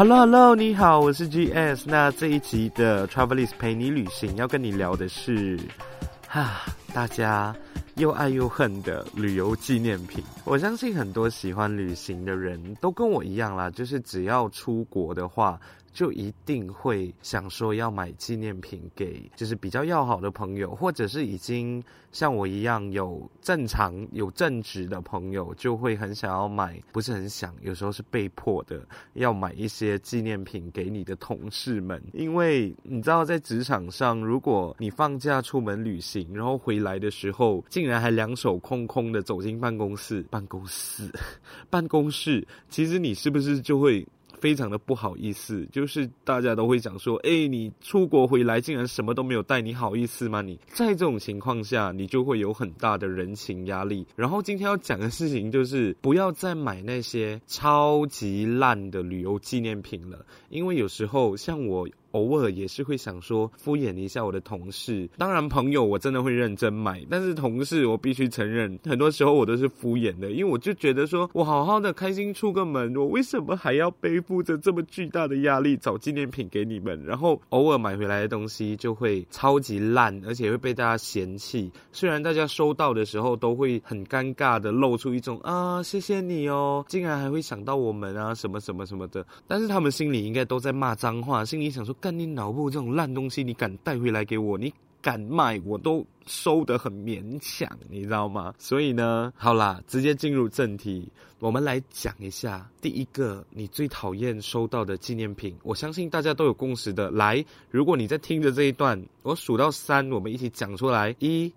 Hello Hello，你好，我是 GS。那這一集的 Travelist 陪你旅行，要跟你聊的是，哈，大家又愛又恨的旅遊紀念品。我相信很多喜歡旅行的人都跟我一樣啦，就是只要出國的話，就一定會想說要買紀念品給，就是比較要好的朋友，或者是已經像我一樣有正常有正直的朋友，就會很想要買，不是很想，有時候是被迫的要買一些紀念品給你的同事們，因為你知道在職場上，如果你放假出門旅行，然後回來的時候竟然還兩手空空的走進辦公室，辦公室，辦公室，公室其實你是不是就會？非常的不好意思，就是大家都會講說：“哎、欸，你出國回來竟然什麼都沒有帶，你好意思嗎？”你在這種情況下，你就會有很大的人情壓力。然後今天要講的事情就是，不要再買那些超級爛的旅遊紀念品了，因為有時候像我。偶爾也是會想說敷衍一下我的同事，當然朋友我真的會認真買，但是同事我必須承認，很多時候我都是敷衍的，因為我就覺得說，我好好的開心出個門，我為什麼還要背負着這麼巨大的壓力找紀念品給你們？然後偶爾買回來的東西就會超級爛，而且會被大家嫌棄。雖然大家收到的時候都會很尷尬的露出一種啊，謝謝你哦，竟然還會想到我們啊，什麼什麼什麼的，但是他們心裡應該都在罵髒話，心裡想說。但你腦部這種爛東西，你敢帶回來給我？你敢賣我都收得很勉強，你知道嗎？所以呢，好啦，直接進入正題，我們來講一下第一個你最討厭收到的紀念品。我相信大家都有共識的。來，如果你在聽着這一段，我數到三，我們一起講出來。一、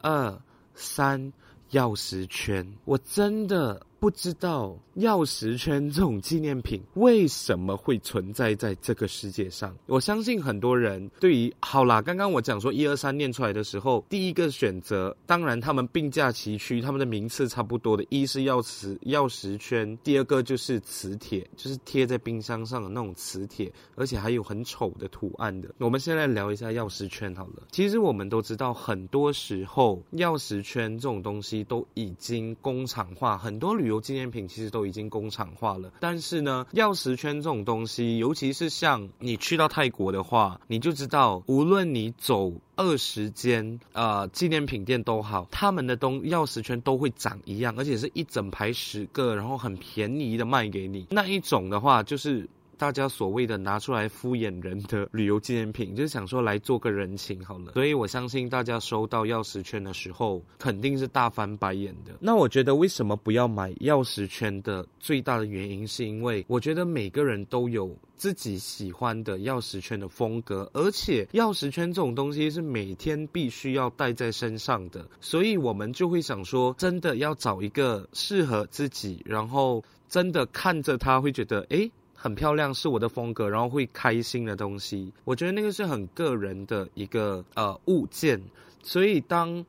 二、三，鑰匙圈，我真的。不知道鑰匙圈這種紀念品為什麼會存在在這個世界上？我相信很多人對於，好啦，剛剛我講說一二三念出來的時候，第一個選擇，當然他們並駕齊驅，他們的名次差不多的，一是鑰匙鑰匙圈，第二個就是磁鐵，就是貼在冰箱上的那種磁鐵，而且還有很醜的圖案的。我們先來聊一下鑰匙圈好了。其實我們都知道，很多時候鑰匙圈這種東西都已經工廠化，很多旅。旅遊紀念品其實都已經工廠化了，但是呢，鑰匙圈這種東西，尤其是像你去到泰國的話，你就知道，無論你走二十間啊紀念品店都好，他們的東鑰匙圈都會長一樣，而且是一整排十個，然後很便宜的賣給你。那一種的話就是，大家所謂的拿出來敷衍人的旅遊紀念品，就是想說，來做個人情好了。所以我相信大家收到鑰匙圈的時候，肯定是大翻白眼的。那我覺得為什麼不要買鑰匙圈的最大的原因，是因為我覺得每個人都有自己喜歡的鑰匙圈的風格，而且鑰匙圈這種東西是每天必須要帶在身上的，所以我們就會想說，真的要找一個適合自己，然後真的看着它會覺得哎，誒很漂亮，是我的風格，然後會開心的東西，我覺得那個是很個人的一個呃物件，所以當。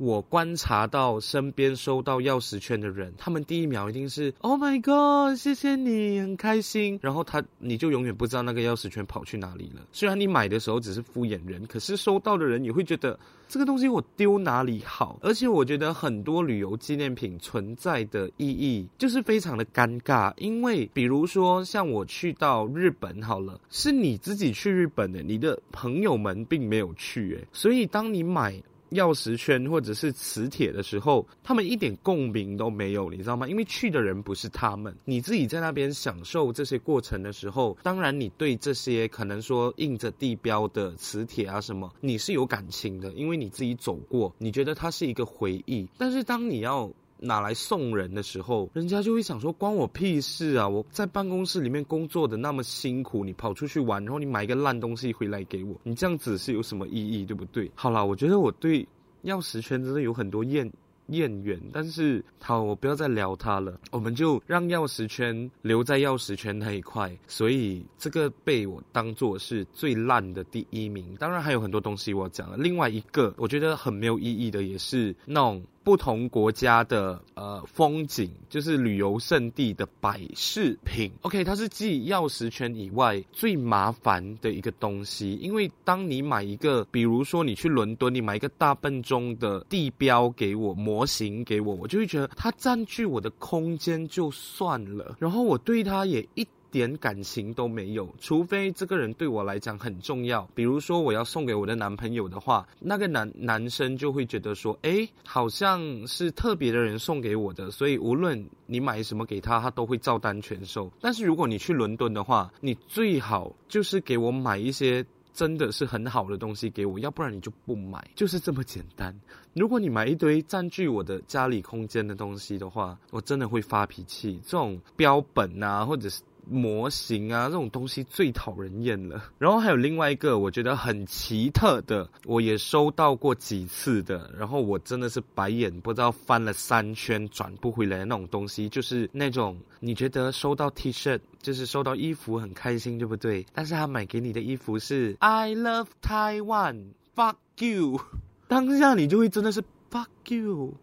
我觀察到身邊收到鑰匙圈的人，他們第一秒一定是 “Oh my god，謝謝你，很開心。”然後他你就永遠不知道那個鑰匙圈跑去哪裡了。雖然你買的時候只是敷衍人，可是收到的人你會覺得這個東西我丟哪裡好？而且我覺得很多旅遊紀念品存在的意義就是非常的尷尬，因為比如說像我去到日本好了，是你自己去日本的，你的朋友們並沒有去誒，所以當你買。鑰匙圈或者是磁鐵的時候，他們一點共鳴都沒有，你知道嗎？因為去的人不是他們，你自己在那邊享受這些過程的時候，當然你對這些可能說印着地標的磁鐵啊什麼，你是有感情的，因為你自己走過，你覺得它是一個回憶。但是當你要，拿來送人的時候，人家就會想說：“關我屁事啊！我在辦公室裡面工作的那麼辛苦，你跑出去玩，然後你買一個爛東西回來給我，你這樣子是有什麼意義，對不對？”好啦，我覺得我對鑰匙圈真的有很多厭厭倦，但是好，我不要再聊它了。我們就讓鑰匙圈留在鑰匙圈那一塊，所以這個被我當做是最爛的第一名。當然還有很多東西我要講了。另外一個我覺得很沒有意義的，也是那種不同國家的呃風景，就是旅遊勝地的擺飾品。OK，它是繼鑰匙圈以外最麻煩的一個東西，因為當你買一個，比如說你去倫敦，你買一個大笨鐘的地標給我模型給我，我就會覺得它占據我的空間就算了，然後我對它也一。點感情都沒有，除非這個人對我來講很重要。比如說，我要送給我的男朋友的話，那個男男生就會覺得說：“哎、欸，好像是特別的人送給我的。”所以，無論你買什麼給他，他都會照單全收。但是，如果你去倫敦的話，你最好就是給我買一些真的是很好的東西給我，要不然你就不買，就是這麼簡單。如果你買一堆佔據我的家裡空間的東西的話，我真的會發脾氣。這種標本啊，或者是。模型啊，這種東西最討人厭了。然後還有另外一個，我覺得很奇特的，我也收到過幾次的。然後我真的是白眼不知道翻了三圈轉不回來那種東西，就是那種你覺得收到 T 恤就是收到衣服很開心，對不對？但是他買給你的衣服是 I love Taiwan, fuck you， 當下你就會真的是 fuck you，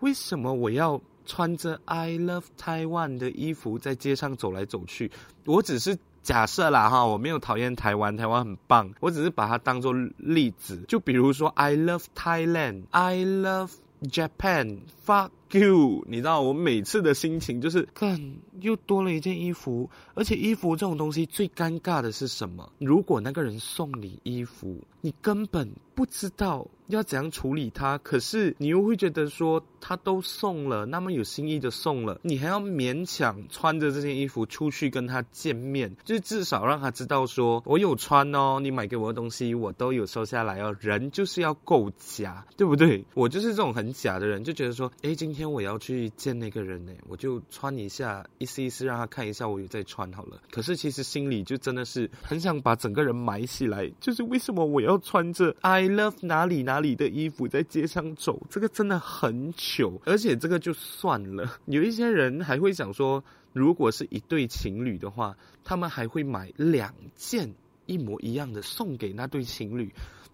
為什麼我要？穿着 "I love Taiwan" 的衣服在街上走來走去，我只是假設啦哈，我沒有討厭台灣，台灣很棒，我只是把它當做例子。就比如說 "I love Thailand", "I love Japan", "Fuck you"，你知道我每次的心情就是，看又多了一件衣服，而且衣服這種東西最尷尬的是什麼？如果那個人送你衣服，你根本。不知道要怎樣處理他，可是你又會覺得說他都送了，那麼有心意的送了，你還要勉強穿着這件衣服出去跟他見面，就是至少讓他知道說，我有穿哦，你買給我的東西我都有收下來哦。人就是要夠假，對不對？我就是這種很假的人，就覺得說，哎，今天我要去見那個人呢、欸，我就穿一下，意思意思讓他看一下我有在穿好了。可是其實心裡就真的是很想把整個人埋起來，就是為什麼我要穿着？I love 哪裡哪裡的衣服在街上走，這個真的很糗，而且這個就算了，有一些人還會想說，如果是一對情侶的話，他們還會買兩件一模一樣的送給那對情侶。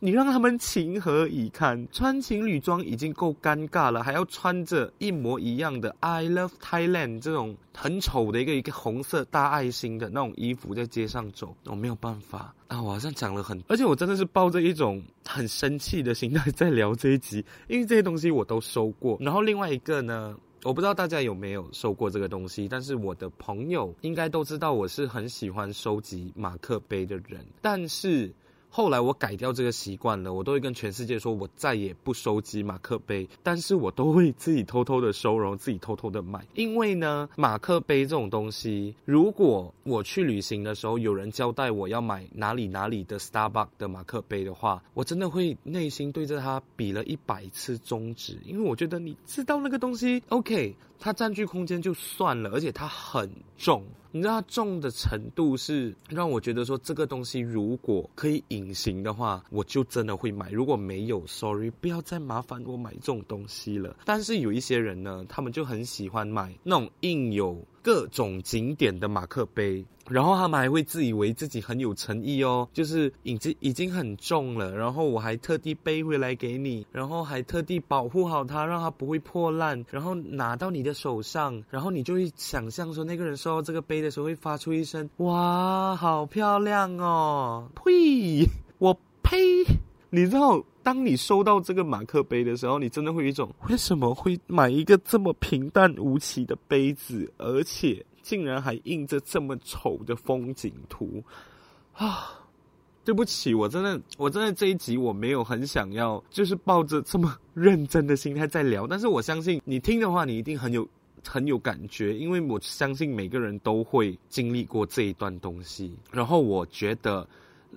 你讓他們情何以堪？穿情侶裝已經夠尷尬了，還要穿着一模一樣的 “I love Thailand” 這種很醜的一個一個紅色大愛心的那種衣服在街上走，我沒有辦法。啊，我好像講了很，而且我真的是抱着一種很生氣的心態在聊這一集，因為這些東西我都收過。然後另外一個呢，我不知道大家有沒有收過這個東西，但是我的朋友應該都知道，我是很喜歡收集馬克杯的人，但是。後來我改掉這個習慣了，我都會跟全世界說，我再也不收集馬克杯，但是我都會自己偷偷的收，然後自己偷偷的買。因為呢，馬克杯這種東西，如果我去旅行的時候，有人交代我要買哪裡哪裡的 Starbucks 的馬克杯的話，我真的會內心對着他比了一百次中指，因為我覺得你知道那個東西，OK。它佔據空間就算了，而且它很重，你知道它重的程度是讓我覺得說，這個東西如果可以隱形的話，我就真的會買。如果沒有，sorry，不要再麻煩我買這種東西了。但是有一些人呢，他們就很喜歡買那種印有各種景點的馬克杯，然後他們還會自以為自己很有誠意哦，就是已經已經很重了，然後我還特地背回來給你，然後還特地保護好它，讓它不會破爛，然後拿到你的手上，然後你就會想象說，那個人收到這個杯的時候會發出一聲“哇，好漂亮哦！”呸，我呸。你知道，當你收到這個馬克杯的時候，你真的會有一種為什麼會買一個這麼平淡無奇的杯子，而且竟然還印着這麼醜的風景圖啊！對不起，我真的，我真的這一集我沒有很想要，就是抱着這麼認真的心態在聊。但是我相信你聽的話，你一定很有很有感覺，因為我相信每個人都會經歷過這一段東西。然後我覺得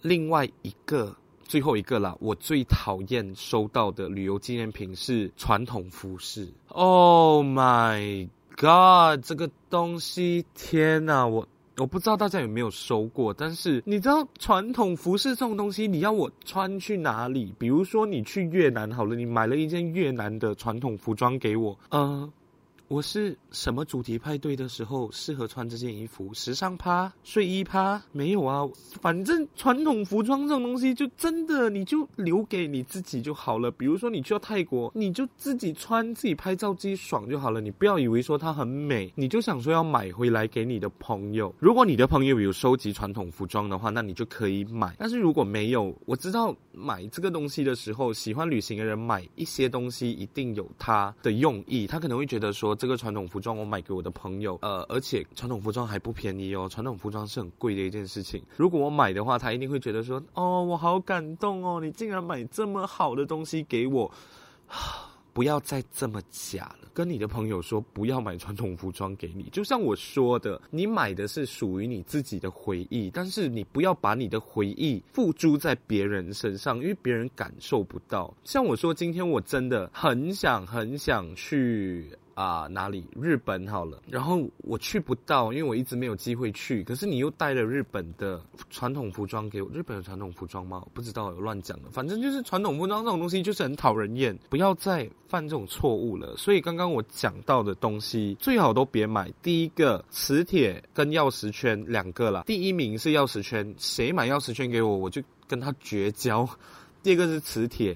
另外一個。最後一個啦，我最討厭收到的旅遊紀念品是傳統服飾。Oh my god！這個東西，天啊！我我不知道大家有沒有收過，但是你知道傳統服飾這種東西，你要我穿去哪裡？比如說你去越南好了，你買了一件越南的傳統服裝給我，嗯、呃。我是什麼主題派對的時候適合穿這件衣服？時尚趴、睡衣趴？沒有啊，反正傳統服裝這種東西，就真的你就留給你自己就好了。比如說你去到泰國，你就自己穿、自己拍照、自己爽就好了。你不要以為說它很美，你就想說要買回來給你的朋友。如果你的朋友有收集傳統服裝的話，那你就可以買。但是如果沒有，我知道。買這個東西的時候，喜歡旅行的人買一些東西一定有他的用意。他可能會覺得說，這個傳統服裝我買給我的朋友，呃，而且傳統服裝還不便宜哦。傳統服裝是很貴的一件事情。如果我買的話，他一定會覺得說，哦，我好感動哦，你竟然買這麼好的東西給我。不要再這麼假了。跟你的朋友說，不要買傳統服裝給你。就像我說的，你買的是屬於你自己的回憶，但是你不要把你的回憶付諸在別人身上，因為別人感受不到。像我說，今天我真的很想，很想去。啊、呃，哪裡？日本好了，然後我去不到，因為我一直沒有機會去。可是你又帶了日本的傳統服裝給我，日本有傳統服裝嗎？我不知道，我亂講了。反正就是傳統服裝這種東西，就是很討人厭，不要再犯這種錯誤了。所以剛剛我講到的東西，最好都別買。第一個，磁鐵跟鑰匙圈兩個啦。第一名是鑰匙圈，誰買鑰匙圈給我，我就跟他絕交。第二個是磁鐵。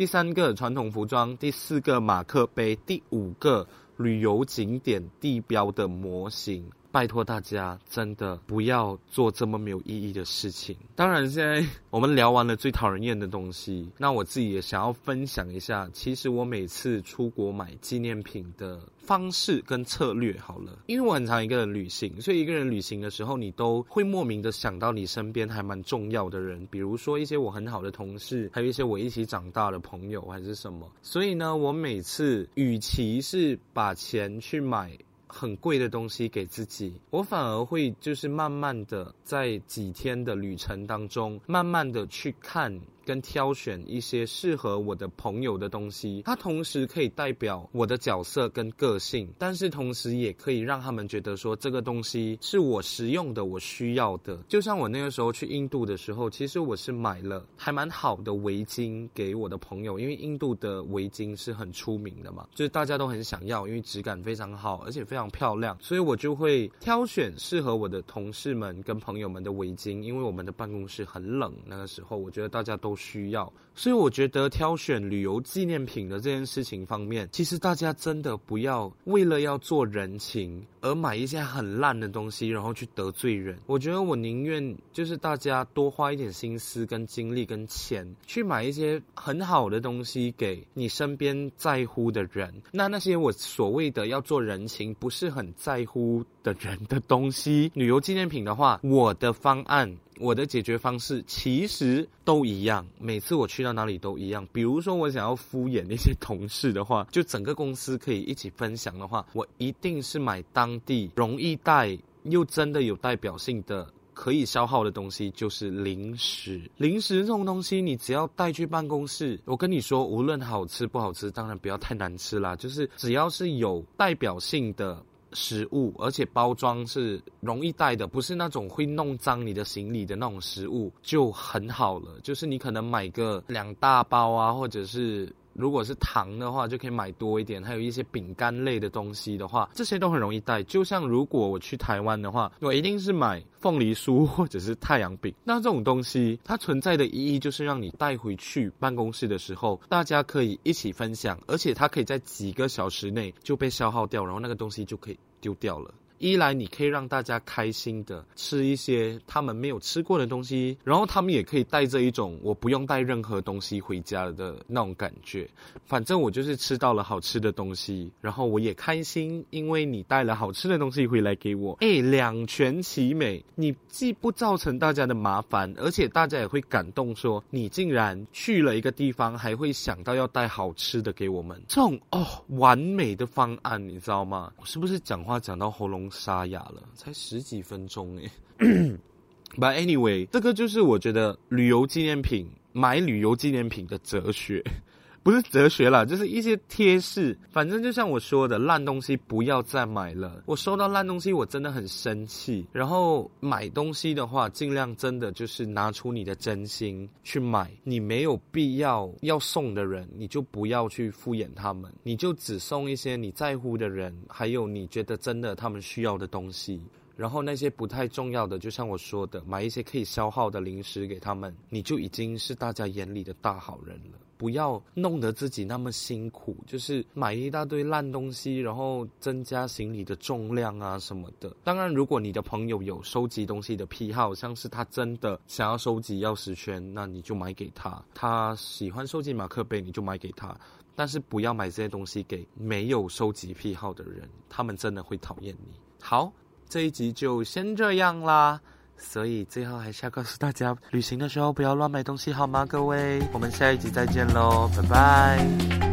第三個傳統服裝，第四個馬克杯，第五個旅遊景點地標的模型。拜託大家，真的不要做這麼沒有意義的事情。當然，現在我們聊完了最討人厭的東西，那我自己也想要分享一下。其實我每次出國買紀念品的方式跟策略，好了，因為我很常一個人旅行，所以一個人旅行的時候，你都會莫名的想到你身邊還蠻重要的人，比如說一些我很好的同事，還有一些我一起長大的朋友還是什麼。所以呢，我每次與其是把錢去買。很貴的東西給自己，我反而會就是慢慢的在幾天的旅程當中，慢慢的去看。跟挑選一些適合我的朋友的東西，它同時可以代表我的角色跟個性，但是同時也可以讓他們覺得說，這個東西是我實用的，我需要的。就像我那個時候去印度的時候，其實我是買了還蠻好的圍巾給我的朋友，因為印度的圍巾是很出名的嘛，就是大家都很想要，因為質感非常好，而且非常漂亮，所以我就會挑選適合我的同事們跟朋友們的圍巾，因為我們的辦公室很冷，那個時候我覺得大家都。都需要。所以我覺得挑選旅遊紀念品的這件事情方面，其實大家真的不要為了要做人情而買一些很爛的東西，然後去得罪人。我覺得我寧願就是大家多花一點心思跟精力跟錢去買一些很好的東西給你身邊在乎的人。那那些我所謂的要做人情不是很在乎的人的東西，旅遊紀念品的話，我的方案、我的解決方式其實都一樣。每次我去到。哪裡都一樣，比如說我想要敷衍那些同事的話，就整個公司可以一起分享的話，我一定是買當地容易帶又真的有代表性的可以消耗的東西，就是零食。零食這種東西，你只要帶去辦公室，我跟你說，無論好吃不好吃，當然不要太難吃啦，就是只要是有代表性的。食物，而且包裝是容易帶的，不是那種會弄髒你的行李的那種食物，就很好了。就是你可能買個兩大包啊，或者是。如果是糖的話，就可以買多一點；還有一些餅乾類的東西的話，這些都很容易帶。就像如果我去台灣的話，我一定是買鳳梨酥或者是太陽餅。那這種東西，它存在的意義就是讓你帶回去辦公室的時候，大家可以一起分享，而且它可以在幾個小時內就被消耗掉，然後那個東西就可以丟掉了。一來你可以讓大家開心的吃一些他們沒有吃過的東西，然後他們也可以帶着一種我不用帶任何東西回家的那種感覺。反正我就是吃到了好吃的東西，然後我也開心，因為你帶了好吃的東西回來給我，哎，兩全其美。你既不造成大家的麻煩，而且大家也會感動，說你竟然去了一個地方還會想到要帶好吃的給我們，這種哦，完美的方案，你知道嗎？我是不是講話講到喉嚨沙啞了，才十幾分鐘哎、欸、 ，But anyway，這個就是我覺得旅遊紀念品買旅遊紀念品的哲學。不是哲學啦，就是一些貼士。反正就像我說的，爛東西不要再買了。我收到爛東西，我真的很生氣。然後買東西的話，儘量真的就是拿出你的真心去買。你沒有必要要送的人，你就不要去敷衍他們。你就只送一些你在乎的人，還有你覺得真的他們需要的東西。然後那些不太重要的，就像我說的，買一些可以消耗的零食給他們，你就已經是大家眼裡的大好人了。不要弄得自己那麼辛苦，就是買一大堆爛東西，然後增加行李的重量啊什麼的。當然，如果你的朋友有收集東西的癖好，像是他真的想要收集鑰匙圈，那你就買給他；他喜歡收集馬克杯，你就買給他。但是不要買這些東西給沒有收集癖好的人，他們真的會討厭你。好，這一集就先這樣啦。所以最後還是要告訴大家，旅行的時候不要亂買東西好嗎？各位，我們下一集再見嘍，拜拜。